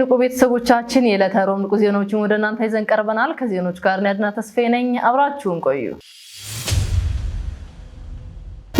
ንቁ ቤተሰቦቻችን የዕለተ ሮብ ንቁ ዜናዎችን ወደ እናንተ ይዘን ቀርበናል። ከዜናዎቹ ጋር ያድና አድና ነኝ። አብራችሁን ቆዩ።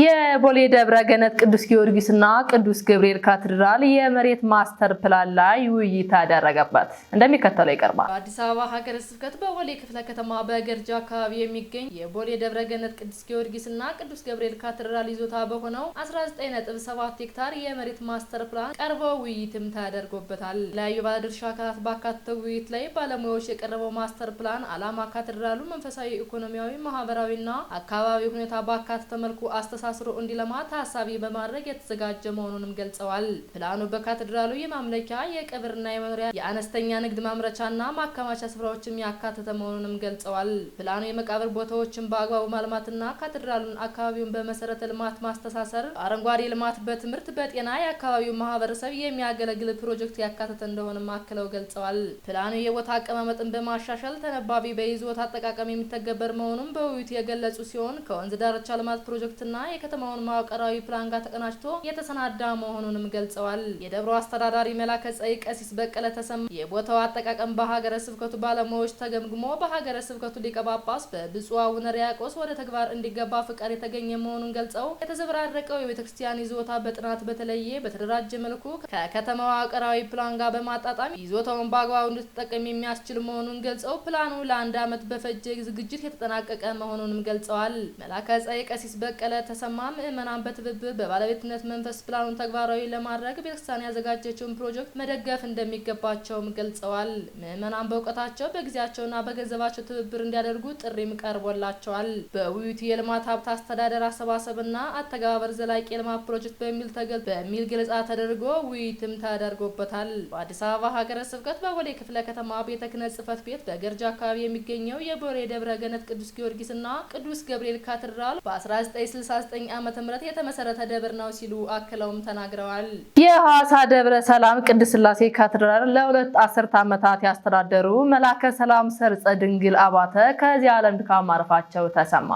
የቦሌ ደብረ ገነት ቅዱስ ጊዮርጊስና ቅዱስ ገብርኤል ካቴድራል የመሬት ማስተር ፕላን ላይ ውይይት ያደረገበት እንደሚከተለው ይቀርባል። በአዲስ አበባ ሀገረ ስብከት በቦሌ ክፍለ ከተማ በገርጃ አካባቢ የሚገኝ የቦሌ ደብረ ገነት ቅዱስ ጊዮርጊስና ቅዱስ ገብርኤል ካቴድራል ይዞታ በሆነው 19.7 ሄክታር የመሬት ማስተር ፕላን ቀርቦ ውይይትም ተደርጎበታል። የተለያዩ ባለድርሻ አካላት ባካተተው ውይይት ላይ ባለሙያዎች የቀረበው ማስተር ፕላን አላማ ካቴድራሉ መንፈሳዊ፣ ኢኮኖሚያዊ፣ ማህበራዊና አካባቢ ሁኔታ ባካተተ መልኩ አስተሳ አሳስሮ እንዲለማ ታሳቢ በማድረግ የተዘጋጀ መሆኑንም ገልጸዋል። ፕላኑ በካቴድራሉ የማምለኪያ የቀብርና የመኖሪያ የአነስተኛ ንግድ ማምረቻና ማከማቻ ስፍራዎችም ያካተተ መሆኑንም ገልጸዋል። ፕላኑ የመቃብር ቦታዎችን በአግባቡ ማልማትና ካቴድራሉን አካባቢውን በመሰረተ ልማት ማስተሳሰር፣ አረንጓዴ ልማት፣ በትምህርት በጤና የአካባቢው ማህበረሰብ የሚያገለግል ፕሮጀክት ያካተተ እንደሆነም አክለው ገልጸዋል። ፕላኑ የቦታ አቀማመጥን በማሻሻል ተነባቢ በይዞት አጠቃቀም የሚተገበር መሆኑን በውይይቱ የገለጹ ሲሆን ከወንዝ ዳርቻ ልማት ፕሮጀክትና የከተማውን መዋቅራዊ ፕላን ጋር ተቀናጅቶ የተሰናዳ መሆኑንም ገልጸዋል። የደብሮ አስተዳዳሪ መላከ ጸሐይ ቀሲስ በቀለ ተሰማ የቦታው አጠቃቀም በሀገረ ስብከቱ ባለሙያዎች ተገምግሞ በሀገረ ስብከቱ ሊቀ ጳጳስ በብፁዕ አቡነ ሪያቆስ ወደ ተግባር እንዲገባ ፍቃድ የተገኘ መሆኑን ገልጸው የተዘበራረቀው የቤተ ክርስቲያን ይዞታ በጥናት በተለየ በተደራጀ መልኩ ከከተማ አቀራዊ ፕላን ጋር በማጣጣም ይዞታውን በአግባቡ እንድትጠቀም የሚያስችል መሆኑን ገልጸው ፕላኑ ለአንድ ዓመት በፈጀ ዝግጅት የተጠናቀቀ መሆኑንም ገልጸዋል። መላከ ጸሐይ ቀሲስ በቀለ ተሰማ ተሰማ ምዕመናን በትብብር በባለቤትነት መንፈስ ፕላኑን ተግባራዊ ለማድረግ ቤተክርስቲያን ያዘጋጀችውን ፕሮጀክት መደገፍ እንደሚገባቸውም ገልጸዋል። ምዕመናን በእውቀታቸው በጊዜያቸውና በገንዘባቸው ትብብር እንዲያደርጉ ጥሪም ቀርቦላቸዋል። በውይይቱ የልማት ሀብት አስተዳደር አሰባሰብና አተገባበር ዘላቂ የልማት ፕሮጀክት በሚል ተገል በሚል ገለጻ ተደርጎ ውይይትም ተደርጎበታል። በአዲስ አበባ ሀገረ ስብከት በቦሌ ክፍለ ከተማ ቤተ ክህነት ቤት በገርጃ አካባቢ የሚገኘው የቦሌ ደብረ ገነት ቅዱስ ጊዮርጊስና ቅዱስ ገብርኤል ካቴድራል በ1969 ዓመተ ምህረት የተመሰረተ ደብር ነው ሲሉ አክለውም ተናግረዋል። የሐዋሳ ደብረ ሰላም ቅድስት ስላሴ ካቴድራል ለሁለት አስርት ዓመታት ያስተዳደሩ መላከ ሰላም ሰርጸ ድንግል አባተ ከዚህ ዓለም ድካም ማረፋቸው ተሰማ።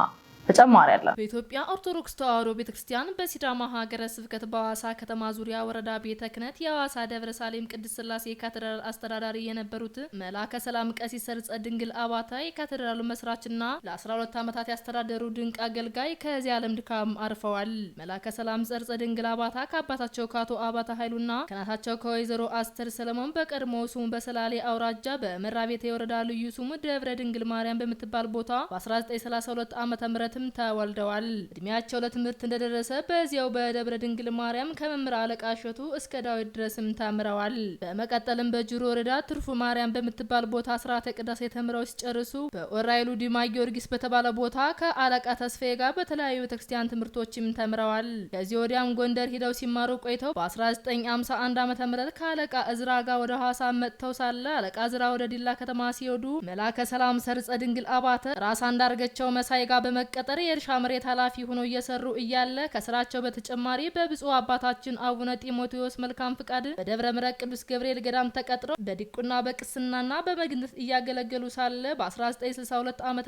ተጨማሪ አለ። በኢትዮጵያ ኦርቶዶክስ ተዋሕዶ ቤተክርስቲያን በሲዳማ ሀገረ ስብከት በሐዋሳ ከተማ ዙሪያ ወረዳ ቤተ ክህነት የሐዋሳ ደብረ ሳሌም ቅድስት ስላሴ ካቴድራል አስተዳዳሪ የነበሩት መላከ ሰላም ቀሲስ ሰርጸ ድንግል አባታ የካቴድራሉ መስራችና ለ12 ዓመታት ያስተዳደሩ ድንቅ አገልጋይ ከዚህ ዓለም ድካም አርፈዋል። መላከ ሰላም ሰርጸ ድንግል አባታ ከአባታቸው ከአቶ አባታ ኃይሉና ከእናታቸው ከወይዘሮ አስተር ሰለሞን በቀድሞ ስሙ በሰላሌ አውራጃ በመራቤቴ የወረዳ ልዩ ስሙ ደብረ ድንግል ማርያም በምትባል ቦታ በ1932 ዓ ም ህጻናትም ተወልደዋል። እድሜያቸው ለትምህርት እንደደረሰ በዚያው በደብረ ድንግል ማርያም ከመምህር አለቃ እሸቱ እስከ ዳዊት ድረስም ተምረዋል። በመቀጠልም በጅሩ ወረዳ ትርፉ ማርያም በምትባል ቦታ ስርዓተ ቅዳሴ ተምረው ሲጨርሱ በኦራይሉ ዲማ ጊዮርጊስ በተባለ ቦታ ከአለቃ ተስፋዬ ጋር በተለያዩ ቤተክርስቲያን ትምህርቶችም ተምረዋል። ከዚህ ወዲያም ጎንደር ሂደው ሲማሩ ቆይተው በ1951 ዓ ም ከአለቃ እዝራ ጋር ወደ ሐዋሳ መጥተው ሳለ አለቃ እዝራ ወደ ዲላ ከተማ ሲሄዱ መላከ ሰላም ሰርጸ ድንግል አባተ ራስ አንዳርገቸው መሳይ ጋር በመቀ የቀጠሬ የእርሻ መሬት ኃላፊ ሆነው እየሰሩ እያለ ከስራቸው በተጨማሪ በብፁዕ አባታችን አቡነ ጢሞቴዎስ መልካም ፍቃድ በደብረ ምረቅ ቅዱስ ገብርኤል ገዳም ተቀጥረው በዲቁና በቅስናና በመግነት እያገለገሉ ሳለ በ1962 ዓ ም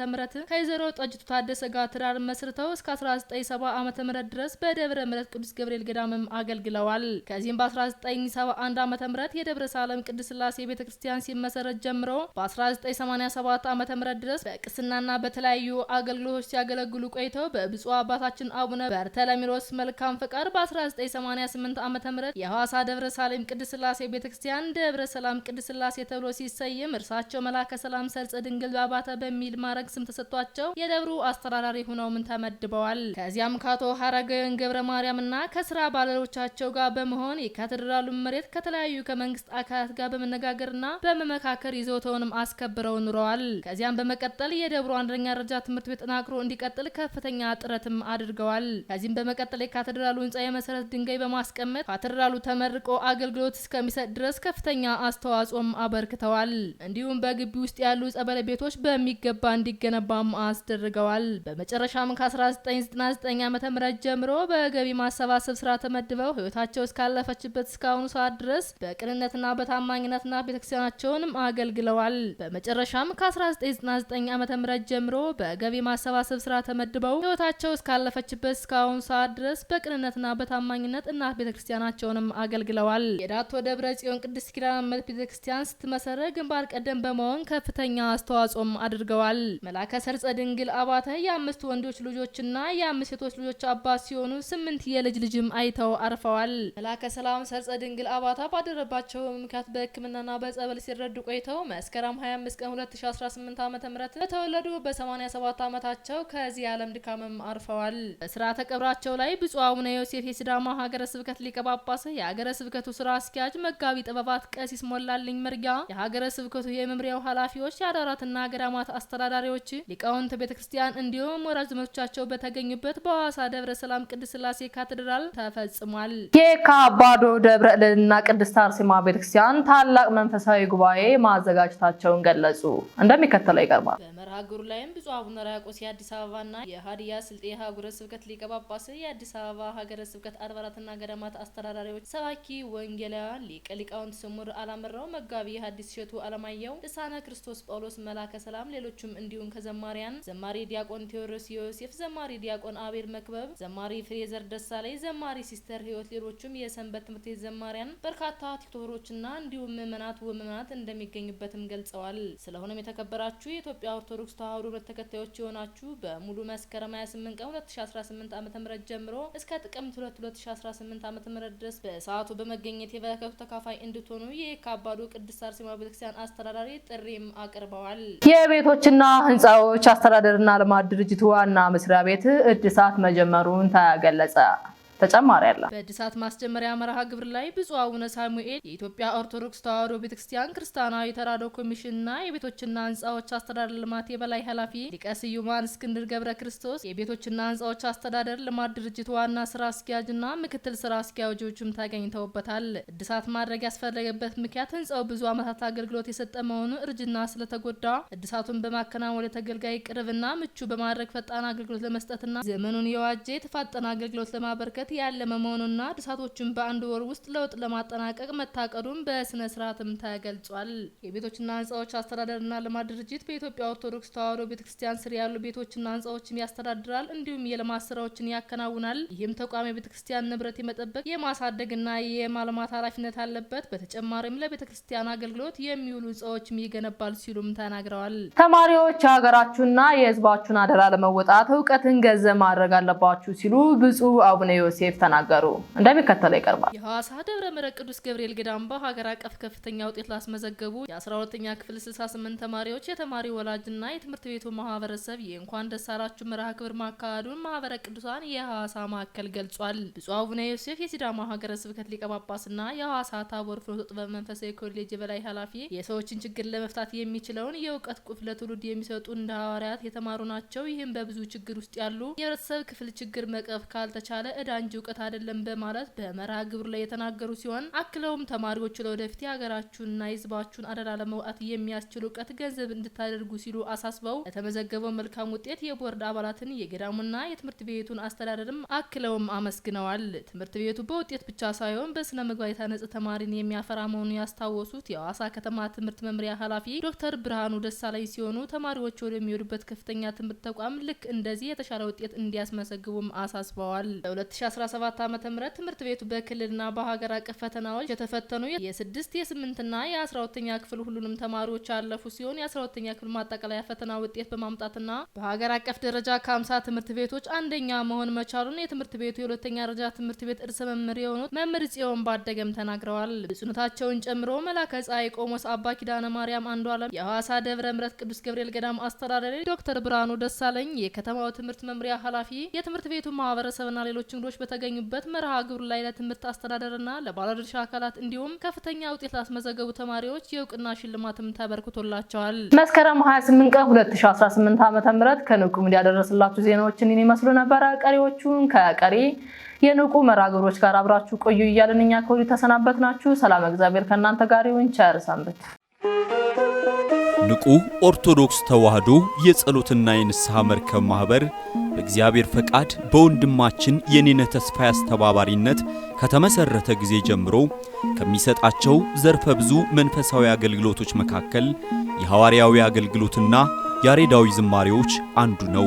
ከወይዘሮ ጠጅቱ ታደሰ ጋር ትዳር መስርተው እስከ 1970 ዓ ም ድረስ በደብረ ምረት ቅዱስ ገብርኤል ገዳምም አገልግለዋል። ከዚህም በ1971 ዓ ም የደብረ ሳለም ቅዱስ ስላሴ ቤተ ክርስቲያን ሲመሰረት ጀምሮ በ1987 ዓ ም ድረስ በቅስናና በተለያዩ አገልግሎቶች ሲያገለ ሲያገለግሉ ቆይተው በብፁዕ አባታችን አቡነ በርተለሚሮስ መልካም ፈቃድ በ1988 ዓ ም የሐዋሳ ደብረ ሳሌም ቅድስት ስላሴ ቤተ ክርስቲያን ደብረ ሰላም ቅድስት ስላሴ ተብሎ ሲሰይም እርሳቸው መላከ ሰላም ሰርጽ ድንግል አባተ በሚል ማድረግ ስም ተሰጥቷቸው የደብሩ አስተዳዳሪ ሆነውም ተመድበዋል። ከዚያም ከአቶ ሀረገን ገብረ ማርያምና ከስራ ባልደረቦቻቸው ጋር በመሆን የካቴድራሉን መሬት ከተለያዩ ከመንግስት አካላት ጋር በመነጋገርና በመመካከር ይዞታውንም አስከብረው ኑረዋል። ከዚያም በመቀጠል የደብሩ አንደኛ ደረጃ ትምህርት ቤት ጠናክሮ እንዲቀጥል እንዲቀጥል ከፍተኛ ጥረትም አድርገዋል። ከዚህም በመቀጠል የካቴድራሉ ህንፃ የመሰረት ድንጋይ በማስቀመጥ ካቴድራሉ ተመርቆ አገልግሎት እስከሚሰጥ ድረስ ከፍተኛ አስተዋጽኦም አበርክተዋል። እንዲሁም በግቢ ውስጥ ያሉ ጸበለ ቤቶች በሚገባ እንዲገነባም አስደርገዋል። በመጨረሻም ከ1999 ዓ ም ጀምሮ በገቢ ማሰባሰብ ስራ ተመድበው ህይወታቸው እስካለፈችበት እስካሁኑ ሰዓት ድረስ በቅንነትና በታማኝነትና ቤተክርስቲያናቸውንም አገልግለዋል። በመጨረሻም ከ1999 ዓ ም ጀምሮ በገቢ ማሰባሰብ ስራ ተመድበው ህይወታቸው እስካለፈችበት እስካሁን ሰዓት ድረስ በቅንነትና በታማኝነት እናት ቤተ ክርስቲያናቸውንም አገልግለዋል። የዳቶ ደብረ ጽዮን ቅድስት ኪዳነ ምሕረት ቤተ ክርስቲያን ስትመሰረት ግንባር ቀደም በመሆን ከፍተኛ አስተዋጽኦም አድርገዋል። መላከ ሰርጸ ድንግል አባተ የአምስት ወንዶች ልጆችና የአምስት ሴቶች ልጆች አባት ሲሆኑ ስምንት የልጅ ልጅም አይተው አርፈዋል። መላከ ሰላም ሰርጸ ድንግል አባታ ባደረባቸው ምክንያት በሕክምናና በጸበል ሲረዱ ቆይተው መስከረም 25 ቀን 2018 ዓ ም በተወለዱ በ87 ዓመታቸው ከ ከዚህ የዓለም ድካምም አርፈዋል። ስርዓተ ቀብራቸው ላይ ብፁዕ አቡነ ዮሴፍ የሲዳማ ሀገረ ስብከት ሊቀ ጳጳስ፣ የሀገረ ስብከቱ ስራ አስኪያጅ መጋቢ ጥበባት ቀሲስ ሞላልኝ መርጊያ፣ የሀገረ ስብከቱ የመምሪያው ኃላፊዎች፣ የአድባራትና ገዳማት አስተዳዳሪዎች፣ ሊቃውንት ቤተ ክርስቲያን እንዲሁም ወራጅ ዘመዶቻቸው በተገኙበት በሐዋሳ ደብረ ሰላም ቅድስት ስላሴ ካቴድራል ተፈጽሟል። የካባዶ ደብረ እልልና ቅድስት አርሴማ ቤተክርስቲያን ታላቅ መንፈሳዊ ጉባኤ ማዘጋጀታቸውን ገለጹ። እንደሚከተለው ይቀርባል። በመርሃ ግብሩ ላይም ብፁዕ አቡነ ራያቆስ የአዲስ አበባ አበባና የሀዲያ ስልጤ ሀገረ ስብከት ሊቀ ጳጳስ፣ የአዲስ አበባ ሀገረ ስብከት አድባራትና ገዳማት አስተዳዳሪዎች፣ ሰባኪ ወንጌላውያን፣ ሊቀ ሊቃውንት ስሙር አላምራው፣ መጋቢ ሀዲስ ሸቱ አለማየሁ፣ ልሳነ ክርስቶስ ጳውሎስ መላከ ሰላም፣ ሌሎችም እንዲሁም ከዘማሪያን ዘማሪ ዲያቆን ቴዎድሮስ ዮሴፍ፣ ዘማሪ ዲያቆን አቤል መክበብ፣ ዘማሪ ፍሬዘር ደሳላይ ዘማሪ ሲስተር ህይወት፣ ሌሎችም የሰንበት ትምህርት ቤት ዘማሪያን፣ በርካታ ቲክቶሮችና እንዲሁም ምእመናት ወምእመናት እንደሚገኙበትም ገልጸዋል። ስለሆነም የተከበራችሁ የኢትዮጵያ ኦርቶዶክስ ተዋህዶ እምነት ተከታዮች የሆናችሁ በሙ ሙሉ መስከረም 28 ቀን 2018 ዓ.ም ጀምሮ እስከ ጥቅምት 2 2018 ዓ.ም ድረስ በሰዓቱ በመገኘት የበረከቱ ተካፋይ እንድትሆኑ የካባዶ ቅድስት አርሴማ ቤተክርስቲያን አስተዳዳሪ ጥሪም አቅርበዋል። የቤቶችና ህንፃዎች አስተዳደርና ልማት ድርጅት ዋና መስሪያ ቤት እድሳት መጀመሩን ተገለጸ። ተጨማሪ አለ። በእድሳት ማስጀመሪያ መርሃ ግብር ላይ ብፁዕ አቡነ ሳሙኤል የኢትዮጵያ ኦርቶዶክስ ተዋሕዶ ቤተክርስቲያን ክርስቲያናዊ ተራድኦ ኮሚሽንና የቤቶችና ህንፃዎች አስተዳደር ልማት የበላይ ኃላፊ ሊቀ ስዩማን እስክንድር ገብረ ክርስቶስ፣ የቤቶችና ህንፃዎች አስተዳደር ልማት ድርጅት ዋና ስራ አስኪያጅና ምክትል ስራ አስኪያጆችም ተገኝተውበታል። እድሳት ማድረግ ያስፈለገበት ምክንያት ህንፃው ብዙ ዓመታት አገልግሎት የሰጠ መሆኑ እርጅና ስለተጎዳ እድሳቱን በማከናወን ለተገልጋይ ቅርብና ምቹ በማድረግ ፈጣን አገልግሎት ለመስጠትና ዘመኑን የዋጀ የተፋጠነ አገልግሎት ለማበርከት ያለመ መሆኑና እድሳቶችን በአንድ ወር ውስጥ ለውጥ ለማጠናቀቅ መታቀዱን በስነ ስርዓትም ተገልጿል። የቤቶችና ህንፃዎች አስተዳደርና ልማት ድርጅት በኢትዮጵያ ኦርቶዶክስ ተዋሕዶ ቤተክርስቲያን ስር ያሉ ቤቶችና ህንፃዎችን ያስተዳድራል፣ እንዲሁም የልማት ስራዎችን ያከናውናል። ይህም ተቋም የቤተክርስቲያን ንብረት የመጠበቅ የማሳደግና የማልማት ኃላፊነት አለበት። በተጨማሪም ለቤተክርስቲያን አገልግሎት የሚውሉ ህንፃዎችም ይገነባል ሲሉም ተናግረዋል። ተማሪዎች የሀገራችሁና የህዝባችሁን አደራ ለመወጣት እውቀትን ገንዘብ ማድረግ አለባችሁ ሲሉ ብፁዕ አቡነ ዮሴ ዩኒሴፍ ተናገሩ። እንደሚከተለው ይቀርባል። የሐዋሳ ደብረ ምሕረት ቅዱስ ገብርኤል ገዳም በሀገር አቀፍ ከፍተኛ ውጤት ላስመዘገቡ የ12ኛ ክፍል 68 ተማሪዎች የተማሪ ወላጅና የትምህርት ቤቱ ማህበረሰብ የእንኳን ደስ አላችሁ መርሃ ክብር ማካሄዱን ማህበረ ቅዱሳን የሐዋሳ ማዕከል ገልጿል። ብፁዕ አቡነ ዮሴፍ የሲዳማ ሀገረ ስብከት ሊቀ ጳጳስና የሐዋሳ ታቦር ፍኖተ ጥበብ መንፈሳዊ ኮሌጅ የበላይ ኃላፊ የሰዎችን ችግር ለመፍታት የሚችለውን የእውቀት ቁፍ ለትውልድ የሚሰጡ እንደ ሐዋርያት የተማሩ ናቸው። ይህም በብዙ ችግር ውስጥ ያሉ የህብረተሰብ ክፍል ችግር መቅረፍ ካልተቻለ እዳን እንጂ እንጂ እውቀት አይደለም በማለት በመርሃ ግብር ላይ የተናገሩ ሲሆን አክለውም ተማሪዎቹ ለወደፊት የሀገራችሁንና የህዝባችሁን አደራ ለመውጣት የሚያስችል እውቀት ገንዘብ እንድታደርጉ ሲሉ አሳስበው ለተመዘገበው መልካም ውጤት የቦርድ አባላትን የገዳሙና የትምህርት ቤቱን አስተዳደርም አክለውም አመስግነዋል። ትምህርት ቤቱ በውጤት ብቻ ሳይሆን በስነ ምግባር የታነጸ ተማሪን የሚያፈራ መሆኑን ያስታወሱት የአዋሳ ከተማ ትምህርት መምሪያ ኃላፊ ዶክተር ብርሃኑ ደሳለኝ ሲሆኑ ተማሪዎች ወደሚሄዱበት ከፍተኛ ትምህርት ተቋም ልክ እንደዚህ የተሻለ ውጤት እንዲያስመሰግቡም አሳስበዋል። 2017 ዓ ም ትምህርት ቤቱ በክልልና በሀገር አቀፍ ፈተናዎች የተፈተኑ የስድስት የስምንትና የአስራሁለተኛ ክፍል ሁሉንም ተማሪዎች ያለፉ ሲሆን የአስራሁለተኛ ክፍል ማጠቃለያ ፈተና ውጤት በማምጣትና በሀገር አቀፍ ደረጃ ከአምሳ ትምህርት ቤቶች አንደኛ መሆን መቻሉን የትምህርት ቤቱ የሁለተኛ ደረጃ ትምህርት ቤት እርስ መምህር የሆኑት መምህር ጽዮን ባደገም ተናግረዋል። ብፁዕነታቸውን ጨምሮ መላከ ፀሐይ ቆሞስ አባ ኪዳነ ማርያም አንዱ አለም የሐዋሳ ደብረ ምረት ቅዱስ ገብርኤል ገዳም አስተዳዳሪ፣ ዶክተር ብርሃኑ ደሳለኝ የከተማው ትምህርት መምሪያ ኃላፊ፣ የትምህርት ቤቱ ማህበረሰብና ሌሎች እንግዶች በተገኙበት መርሃ ግብሩ ላይ ለትምህርት አስተዳደርና ለባለድርሻ አካላት እንዲሁም ከፍተኛ ውጤት ላስመዘገቡ ተማሪዎች የእውቅና ሽልማትም ተበርክቶላቸዋል። መስከረም 28 ቀን 2018 ዓ.ም ከንቁ ሚዲያ ያደረስላችሁ ዜናዎችን ይመስሉ ነበረ። ቀሪዎቹን ከቀሪ የንቁ መርሃ ግብሮች ጋር አብራችሁ ቆዩ እያልን እኛ ከወዲሁ ተሰናበት ናችሁ። ሰላም እግዚአብሔር ከእናንተ ጋር ይሁን። ቸር ሰንብት። ንቁ ኦርቶዶክስ ተዋህዶ የጸሎትና የንስሐ መርከብ ማህበር በእግዚአብሔር ፈቃድ በወንድማችን የኔነ ተስፋ አስተባባሪነት ከተመሰረተ ጊዜ ጀምሮ ከሚሰጣቸው ዘርፈ ብዙ መንፈሳዊ አገልግሎቶች መካከል የሐዋርያዊ አገልግሎትና ያሬዳዊ ዝማሬዎች አንዱ ነው።